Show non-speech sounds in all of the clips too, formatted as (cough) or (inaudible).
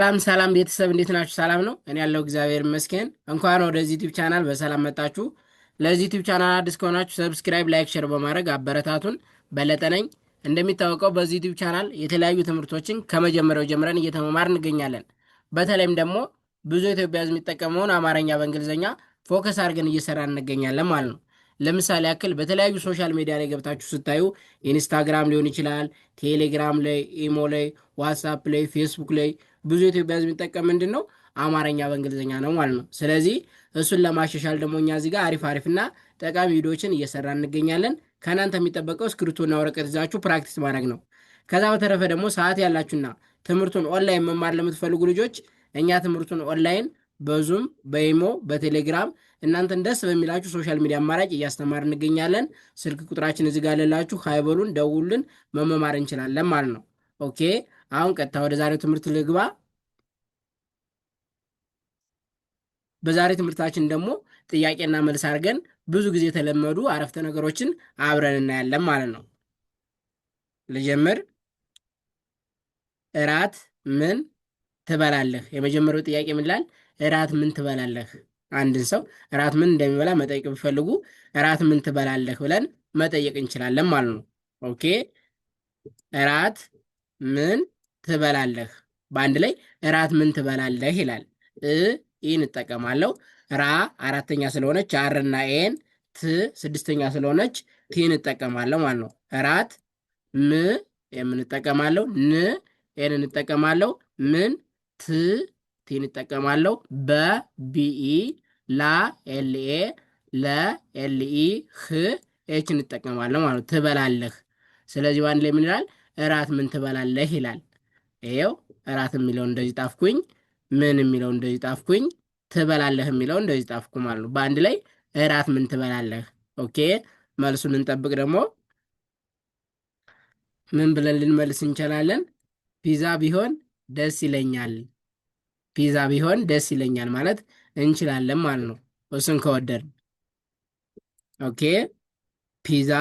ሰላም ሰላም ቤተሰብ እንዴት ናችሁ? ሰላም ነው። እኔ ያለው እግዚአብሔር ይመስገን። እንኳን ወደዚህ ዩቲብ ቻናል በሰላም መጣችሁ። ለዚህ ዩቲብ ቻናል አዲስ ከሆናችሁ ሰብስክራይብ፣ ላይክ፣ ሼር በማድረግ አበረታቱን። በለጠነኝ እንደሚታወቀው በዚህ ዩቲብ ቻናል የተለያዩ ትምህርቶችን ከመጀመሪያው ጀምረን እየተመማር እንገኛለን። በተለይም ደግሞ ብዙ ኢትዮጵያ ሕዝብ የሚጠቀመውን አማርኛ በእንግሊዝኛ ፎከስ አድርገን እየሰራን እንገኛለን ማለት ነው። ለምሳሌ ያክል በተለያዩ ሶሻል ሚዲያ ላይ ገብታችሁ ስታዩ ኢንስታግራም ሊሆን ይችላል፣ ቴሌግራም ላይ፣ ኢሞ ላይ፣ ዋትሳፕ ላይ፣ ፌስቡክ ላይ ብዙ ኢትዮጵያ ህዝብ የሚጠቀም ምንድን ነው አማርኛ በእንግሊዝኛ ነው ማለት ነው። ስለዚህ እሱን ለማሻሻል ደግሞ እኛ እዚህ ጋር አሪፍ አሪፍና ጠቃሚ ቪዲዮዎችን እየሰራ እንገኛለን። ከእናንተ የሚጠበቀው እስክሪብቶና ወረቀት ይዛችሁ ፕራክቲስ ማድረግ ነው። ከዛ በተረፈ ደግሞ ሰዓት ያላችሁና ትምህርቱን ኦንላይን መማር ለምትፈልጉ ልጆች እኛ ትምህርቱን ኦንላይን በዙም በኢሞ በቴሌግራም እናንተን ደስ በሚላችሁ ሶሻል ሚዲያ አማራጭ እያስተማር እንገኛለን። ስልክ ቁጥራችን እዚህ ጋር ሀይበሉን ደውሉን መመማር እንችላለን ማለት ነው። ኦኬ አሁን ቀጥታ ወደ ዛሬው ትምህርት ልግባ። በዛሬ ትምህርታችን ደግሞ ጥያቄና መልስ አድርገን ብዙ ጊዜ የተለመዱ አረፍተ ነገሮችን አብረን እናያለን ማለት ነው። ልጀምር። እራት ምን ትበላለህ? የመጀመሪያው ጥያቄ ምን ይላል? እራት ምን ትበላለህ? አንድን ሰው እራት ምን እንደሚበላ መጠየቅ ቢፈልጉ እራት ምን ትበላለህ ብለን መጠየቅ እንችላለን ማለት ነው። ኦኬ እራት ምን ትበላለህ። በአንድ ላይ እራት ምን ትበላለህ ይላል። እ ኢን እጠቀማለሁ። ራ አራተኛ ስለሆነች አርና ኤን፣ ት ስድስተኛ ስለሆነች ቲ እንጠቀማለሁ ማለት ነው። እራት ም የምንጠቀማለሁ ን ኤን እንጠቀማለሁ ምን ት ቲ እጠቀማለሁ በ ቢኢ ላ ኤልኤ ለ ኤልኢ ህ ኤች እንጠቀማለሁ ማለት ነው። ትበላለህ። ስለዚህ በአንድ ላይ ምን ይላል? እራት ምን ትበላለህ ይላል። ይኸው እራት የሚለው እንደዚህ ጣፍኩኝ፣ ምን የሚለው እንደዚህ ጣፍኩኝ፣ ትበላለህ የሚለው እንደዚህ ጣፍኩ ማለት ነው። በአንድ ላይ እራት ምን ትበላለህ። ኦኬ መልሱን እንጠብቅ። ደግሞ ምን ብለን ልንመልስ እንችላለን? ፒዛ ቢሆን ደስ ይለኛል። ፒዛ ቢሆን ደስ ይለኛል ማለት እንችላለን ማለት ነው። እሱን ከወደድን ኦኬ ፒዛ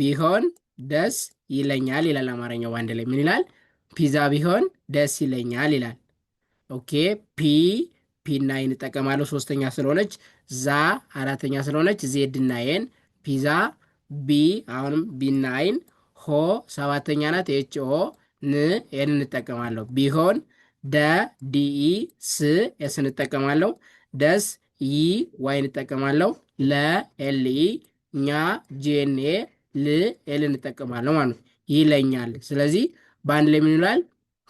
ቢሆን ደስ ይለኛል ይላል አማርኛው። በአንድ ላይ ምን ይላል? ፒዛ ቢሆን ደስ ይለኛል ይላል። ኦኬ ፒ ፒና ይን ኤን እጠቀማለሁ ሶስተኛ ስለሆነች፣ ዛ አራተኛ ስለሆነች ዜድ ና ኤን ፒዛ፣ ቢ አሁንም ቢና አይን፣ ሆ ሰባተኛ ናት ኤች ኦ፣ ን ኤን እንጠቀማለሁ። ቢሆን ደ ዲኢ፣ ስ ኤስ እንጠቀማለሁ። ደስ ይ ዋይ እንጠቀማለሁ። ለ ኤልኢ፣ ኛ ኤ ል ኤል እንጠቀማለሁ ማለት ይለኛል ስለዚህ በአንድ ላይ ምን ይላል?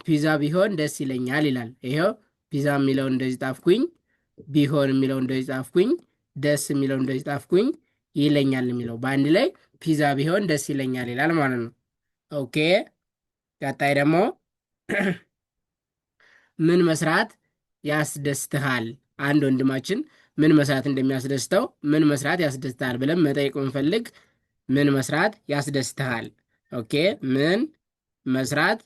ፒዛ ቢሆን ደስ ይለኛል ይላል። ይሄው ፒዛ የሚለው እንደዚህ ጣፍኩኝ፣ ቢሆን የሚለው እንደዚህ ጣፍኩኝ፣ ደስ የሚለው እንደዚህ ጣፍኩኝ፣ ይለኛል የሚለው በአንድ ላይ ፒዛ ቢሆን ደስ ይለኛል ይላል ማለት ነው። ኦኬ ቀጣይ ደግሞ (clears throat) ምን መስራት ያስደስትሃል? አንድ ወንድማችን ምን መስራት እንደሚያስደስተው ምን መስራት ያስደስትሃል ብለን መጠየቅ ምንፈልግ ምን መስራት ያስደስትሃል? ኦኬ ምን መስራት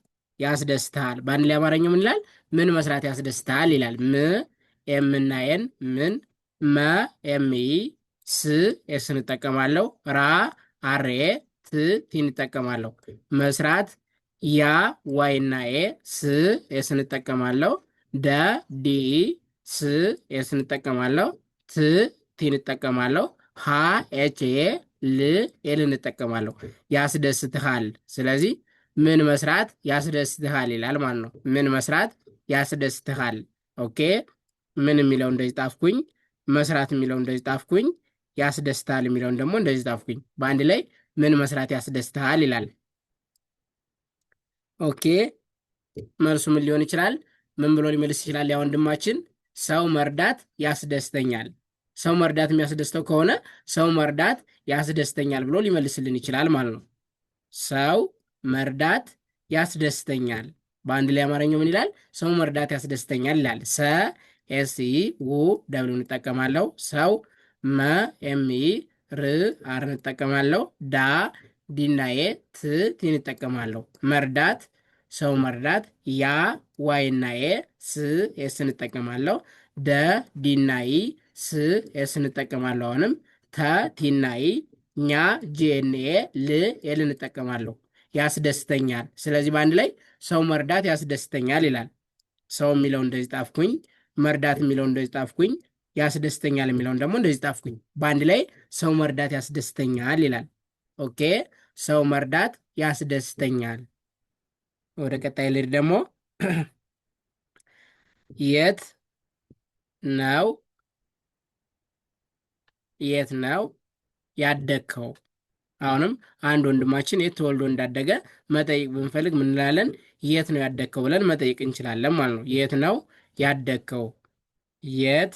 ያስደስታል። በአንድ ላይ አማርኛው ምን ይላል? ምን መስራት ያስደስታል ይላል። ም የምናየን ምን መ የሚ ስ ኤስ እንጠቀማለሁ ራ አሬ ት ቲ እንጠቀማለሁ። መስራት ያ ዋይና ኤ ስ ኤስ እንጠቀማለሁ። ደ ዲ ስ ኤስ እንጠቀማለሁ። ት ቲ እንጠቀማለሁ። ሀ ኤች ኤ ል ኤል እንጠቀማለሁ። ያስደስትሃል። ስለዚህ ምን መስራት ያስደስትሃል ይላል ማለት ነው። ምን መስራት ያስደስትሃል። ኦኬ ምን የሚለው እንደዚህ ጣፍኩኝ፣ መስራት የሚለው እንደዚህ ጣፍኩኝ፣ ያስደስትሃል የሚለውን ደግሞ እንደዚህ ጣፍኩኝ። በአንድ ላይ ምን መስራት ያስደስትሃል ይላል። ኦኬ መልሱ ምን ሊሆን ይችላል? ምን ብሎ ሊመልስ ይችላል? ያ ወንድማችን ሰው መርዳት ያስደስተኛል። ሰው መርዳት የሚያስደስተው ከሆነ ሰው መርዳት ያስደስተኛል ብሎ ሊመልስልን ይችላል ማለት ነው። ሰው መርዳት ያስደስተኛል። በአንድ ላይ አማርኛው ምን ይላል? ሰው መርዳት ያስደስተኛል ይላል። ሰ ኤስ ኢ ው ደብሊው እንጠቀማለሁ። ሰው መ ኤም ኢ ር አር እንጠቀማለሁ። ዳ ዲናዬ ት ቲ እንጠቀማለሁ። መርዳት ሰው መርዳት ያ ዋይናዬ ስ ኤስ እንጠቀማለሁ። ደ ዲናይ ስ ኤስ እንጠቀማለሁ። አሁንም ተ ቲናይ ኛ ጄንኤ ል ኤል እንጠቀማለሁ። ያስደስተኛል። ስለዚህ በአንድ ላይ ሰው መርዳት ያስደስተኛል ይላል። ሰው የሚለው እንደዚህ ጣፍኩኝ፣ መርዳት የሚለው እንደዚህ ጣፍኩኝ፣ ያስደስተኛል የሚለውን ደግሞ እንደዚህ ጣፍኩኝ። በአንድ ላይ ሰው መርዳት ያስደስተኛል ይላል። ኦኬ ሰው መርዳት ያስደስተኛል። ወደ ቀጣይ ልድ ደግሞ (clears throat) የት ነው የት ነው ያደግከው? አሁንም አንድ ወንድማችን የት ተወልዶ እንዳደገ መጠየቅ ብንፈልግ ምን እንላለን? የት ነው ያደግከው ብለን መጠየቅ እንችላለን ማለት ነው። የት ነው ያደግከው? የት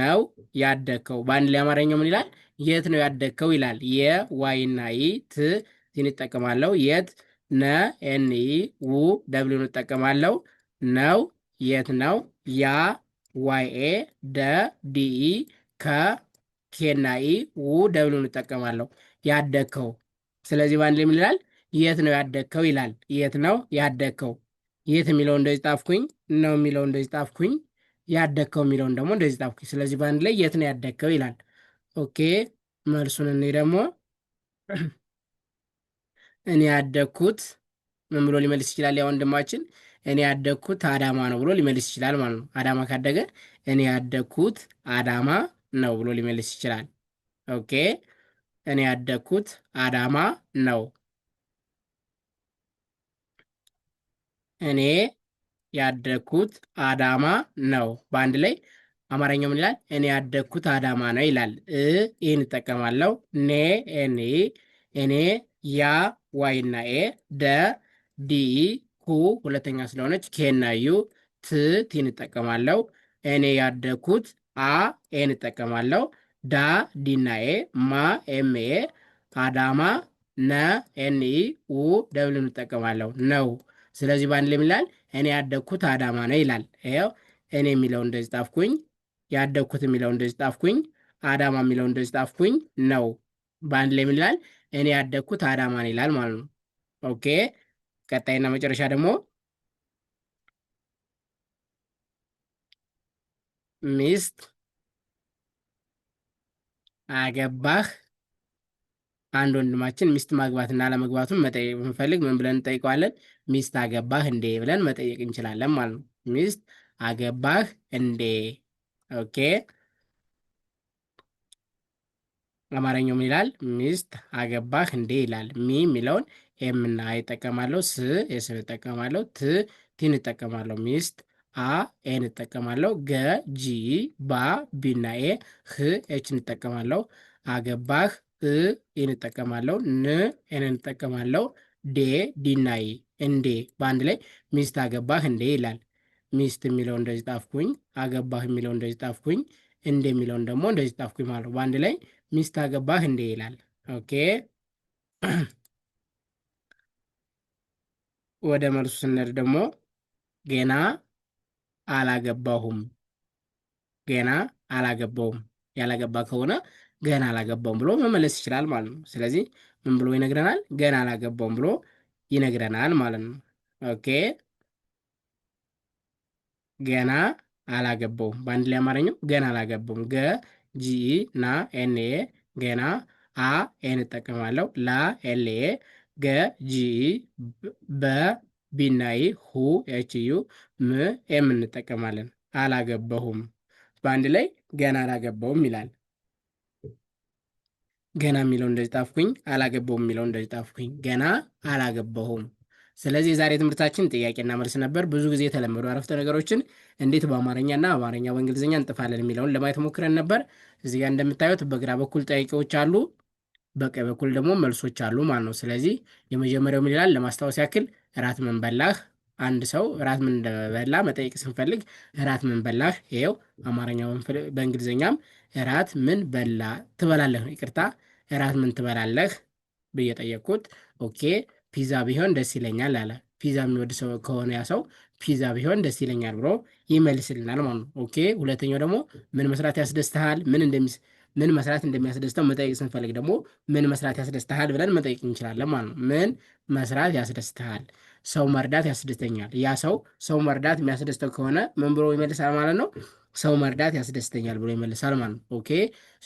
ነው ያደግከው? በአንድ ላይ አማርኛው ምን ይላል? የት ነው ያደግከው ይላል። የዋይና ይ ት እንጠቀማለው። የት ነ ኤን ው ደብሊውን እንጠቀማለው። ነው የት ነው ያ ዋይኤ ደ ዲኢ ከ ኬና ኢ ው ደብሊውን እንጠቀማለው። ያደግከው? ስለዚህ በአንድ ላይ ምን ይላል? የት ነው ያደግከው ይላል። የት ነው ያደግከው? የት የሚለው እንደዚህ ጣፍኩኝ፣ ነው የሚለው እንደዚህ ጣፍኩኝ፣ ያደግከው የሚለውን ደግሞ እንደዚህ ጣፍኩኝ። ስለዚህ በአንድ ላይ የት ነው ያደግከው ይላል። ኦኬ መልሱን እኔ ደግሞ (clears throat) እኔ ያደግኩት ምን ብሎ ሊመልስ ይችላል? ያ ወንድማችን እኔ ያደግኩት አዳማ ነው ብሎ ሊመልስ ይችላል ማለት ነው። አዳማ ካደገ እኔ ያደግኩት አዳማ ነው ብሎ ሊመልስ ይችላል። ኦኬ እኔ ያደግኩት አዳማ ነው። እኔ ያደግኩት አዳማ ነው። በአንድ ላይ አማርኛው ምን ይላል? እኔ ያደግኩት አዳማ ነው ይላል። እ ይህን እጠቀማለሁ። ኔ ኤኒ እኔ ያ ዋይና ኤ ደ ዲ ኩ ሁለተኛ ስለሆነች ኬና ዩ ት ቲን እኔ ያደግኩት አ ኤ እጠቀማለሁ። ዳ ዲናኤ ማ ኤምኤ አዳማ ነ ኤንኢ ኡ ደብል እንጠቀማለሁ ነው። ስለዚህ በአንድ ላይ ይላል እኔ ያደግኩት አዳማ ነው ይላል። ይኸው እኔ የሚለው እንደዚህ ጣፍኩኝ፣ ያደግኩት የሚለው እንደዚህ ጣፍኩኝ፣ አዳማ የሚለው እንደዚህ ጣፍኩኝ ነው። በአንድ ላይ ይላል እኔ ያደግኩት አዳማ ነው ይላል ማለት ነው። ኦኬ ቀጣይና መጨረሻ ደግሞ ሚስት አገባህ? አንድ ወንድማችን ሚስት ማግባትና ለመግባቱን መጠየቅ ብንፈልግ ምን ብለን እንጠይቀዋለን? ሚስት አገባህ እንዴ ብለን መጠየቅ እንችላለን ማለት ነው። ሚስት አገባህ እንዴ። ኦኬ። አማርኛው ምን ይላል? ሚስት አገባህ እንዴ ይላል። ሚ የሚለውን ኤምና ይጠቀማለሁ፣ ስ የስን እጠቀማለሁ፣ ት ቲን እጠቀማለሁ። ሚስት አ ኤ እጠቀማለሁ። ገ ጂ ባ ቢና ኤ ህ ኤችን እጠቀማለሁ። አገባህ እ ኤን እጠቀማለሁ። ን ኤን እጠቀማለሁ። ዴ ዲናይ እንዴ በአንድ ላይ ሚስት አገባህ እንዴ ይላል። ሚስት የሚለው እንደዚህ ጣፍኩኝ፣ አገባህ የሚለው እንደዚህ ጣፍኩኝ፣ እንዴ የሚለውን ደግሞ እንደዚህ ጣፍኩኝ ማለት በአንድ ላይ ሚስት አገባህ እንዴ ይላል። ኦኬ (clears throat) ወደ መልሱ ስነድ ደግሞ ገና አላገባሁም ገና አላገባውም ያላገባ ከሆነ ገና አላገባውም ብሎ መመለስ ይችላል ማለት ነው። ስለዚህ ምን ብሎ ይነግረናል? ገና አላገባውም ብሎ ይነግረናል ማለት ነው። ኦኬ ገና አላገባውም በአንድ ላይ አማርኛው ገና አላገባውም። ገ ጂ ና ኤንኤ ገና አ ኤን እጠቀማለሁ ላ ኤልኤ ገ ጂ በ ቢናይ ሁ ኤች ም ኤም እንጠቀማለን። አላገባሁም በአንድ ላይ ገና አላገባውም ይላል። ገና የሚለው እንደዚህ ጣፍኩኝ፣ አላገባውም የሚለው እንደዚህ ጣፍኩኝ፣ ገና አላገባሁም። ስለዚህ የዛሬ ትምህርታችን ጥያቄና መልስ ነበር። ብዙ ጊዜ የተለመዱ አረፍተ ነገሮችን እንዴት በአማርኛና አማርኛ በእንግሊዝኛ እንጥፋለን የሚለውን ለማየት ሞክረን ነበር። እዚህ ጋር እንደምታዩት በግራ በኩል ጥያቄዎች አሉ፣ በቀኝ በኩል ደግሞ መልሶች አሉ ማለት ነው። ስለዚህ የመጀመሪያው ምን ይላል ለማስታወስ ያክል እራት ምን በላህ? አንድ ሰው እራት ምን እንደበላ መጠየቅ ስንፈልግ እራት ምን በላህ? ይኸው በአማርኛው በእንግሊዝኛም እራት ምን በላ ትበላለህ ነው። ይቅርታ እራት ምን ትበላለህ ብዬ ጠየቅኩት። ኦኬ ፒዛ ቢሆን ደስ ይለኛል አለ። ፒዛ የሚወድ ሰው ከሆነ ያ ሰው ፒዛ ቢሆን ደስ ይለኛል ብሎ ይመልስልናል ማለት ነው። ኦኬ ሁለተኛው ደግሞ ምን መስራት ያስደስተሃል? ምን እንደሚስ ምን መስራት እንደሚያስደስተው መጠየቅ ስንፈልግ ደግሞ ምን መስራት ያስደስተሃል ብለን መጠየቅ እንችላለን ማለት ነው። ምን መስራት ያስደስተሃል ሰው መርዳት ያስደስተኛል። ያ ሰው ሰው መርዳት የሚያስደስተው ከሆነ ምን ብሎ ይመልሳል ማለት ነው? ሰው መርዳት ያስደስተኛል ብሎ ይመልሳል ማለት ነው። ኦኬ።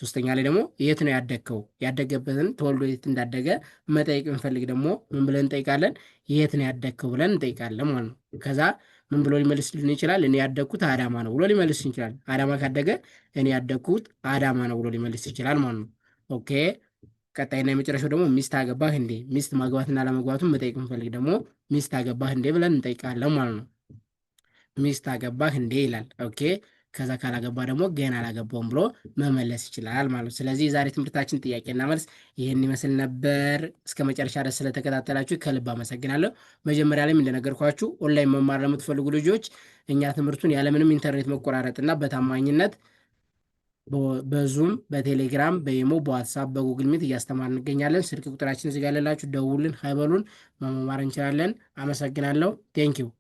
ሶስተኛ ላይ ደግሞ የት ነው ያደግከው? ያደገበትን ተወልዶ የት እንዳደገ መጠየቅ ብንፈልግ ደግሞ ምን ብለን እንጠይቃለን? የት ነው ያደግከው ብለን እንጠይቃለን ማለት ነው። ከዛ ምን ብሎ ሊመልስልን ይችላል? እኔ ያደግኩት አዳማ ነው ብሎ ሊመልስ ይችላል። አዳማ ካደገ እኔ ያደግኩት አዳማ ነው ብሎ ሊመልስ ይችላል ማለት ነው። ኦኬ ቀጣይና የመጨረሻው ደግሞ ሚስት አገባህ እንዴ? ሚስት ማግባትና ለመግባቱን መጠየቅ እንፈልግ ደግሞ ሚስት አገባህ እንዴ ብለን እንጠይቃለን ማለት ነው። ሚስት አገባህ እንዴ ይላል። ኦኬ ከዛ ካላገባ ደግሞ ገና አላገባውም ብሎ መመለስ ይችላል ማለት ነው። ስለዚህ የዛሬ ትምህርታችን ጥያቄና መልስ ይህን ይመስል ነበር። እስከ መጨረሻ ድረስ ስለተከታተላችሁ ከልብ አመሰግናለሁ። መጀመሪያ ላይም እንደነገርኳችሁ ኦንላይን መማር ለምትፈልጉ ልጆች እኛ ትምህርቱን ያለምንም ኢንተርኔት መቆራረጥና በታማኝነት በዙም በቴሌግራም በኢሞ በዋትሳፕ በጉግል ሚት እያስተማር እንገኛለን። ስልክ ቁጥራችን እዚጋ ያለላችሁ ደውልን፣ ሀይበሉን መማማር እንችላለን። አመሰግናለሁ። ቴንኪው